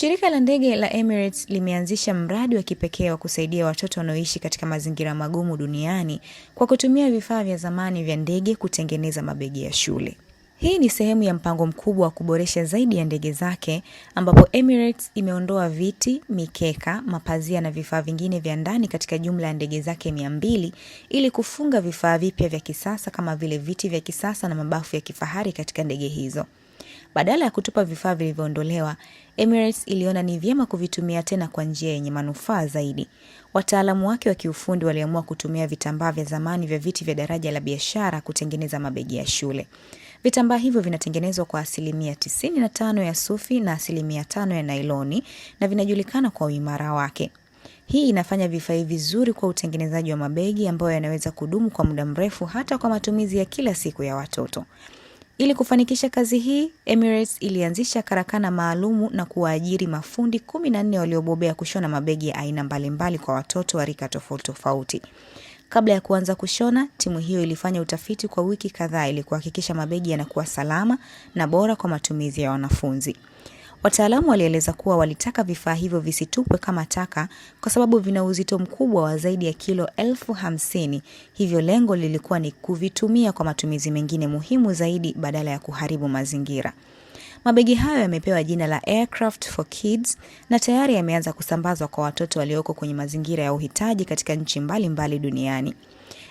Shirika la ndege la Emirates limeanzisha mradi wa kipekee wa kusaidia watoto wanaoishi katika mazingira magumu duniani kwa kutumia vifaa vya zamani vya ndege kutengeneza mabegi ya shule. Hii ni sehemu ya mpango mkubwa wa kuboresha zaidi ya ndege zake ambapo Emirates imeondoa viti, mikeka, mapazia na vifaa vingine vya ndani katika jumla ya ndege zake mia mbili ili kufunga vifaa vipya vya kisasa kama vile viti vya kisasa na mabafu ya kifahari katika ndege hizo. Badala ya kutupa vifaa vilivyoondolewa, Emirates iliona ni vyema kuvitumia tena kwa njia yenye manufaa zaidi. Wataalamu wake wa kiufundi waliamua kutumia vitambaa vya zamani vya viti vya daraja la biashara kutengeneza mabegi ya shule. Vitambaa hivyo vinatengenezwa kwa asilimia 95 ya sufi na asilimia tano ya nailoni na vinajulikana kwa uimara wake. Hii inafanya vifai vizuri kwa utengenezaji wa mabegi ambayo yanaweza kudumu kwa muda mrefu hata kwa matumizi ya kila siku ya watoto. Ili kufanikisha kazi hii, Emirates ilianzisha karakana maalumu na kuwaajiri mafundi kumi na nne waliobobea kushona mabegi ya aina mbalimbali kwa watoto wa rika tofauti tofauti. Kabla ya kuanza kushona, timu hiyo ilifanya utafiti kwa wiki kadhaa ili kuhakikisha mabegi yanakuwa salama na bora kwa matumizi ya wanafunzi. Wataalamu walieleza kuwa walitaka vifaa hivyo visitupwe kama taka kwa sababu vina uzito mkubwa wa zaidi ya kilo elfu hamsini, hivyo lengo lilikuwa ni kuvitumia kwa matumizi mengine muhimu zaidi badala ya kuharibu mazingira. Mabegi hayo yamepewa jina la Aircraft for Kids na tayari yameanza kusambazwa kwa watoto walioko kwenye mazingira ya uhitaji katika nchi mbalimbali duniani.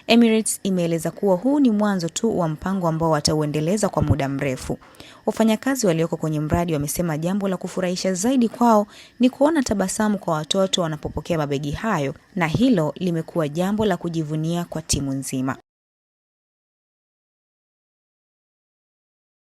Emirates imeeleza kuwa huu ni mwanzo tu wa mpango ambao watauendeleza kwa muda mrefu. Wafanyakazi walioko kwenye mradi wamesema jambo la kufurahisha zaidi kwao ni kuona tabasamu kwa watoto wanapopokea mabegi hayo na hilo limekuwa jambo la kujivunia kwa timu nzima.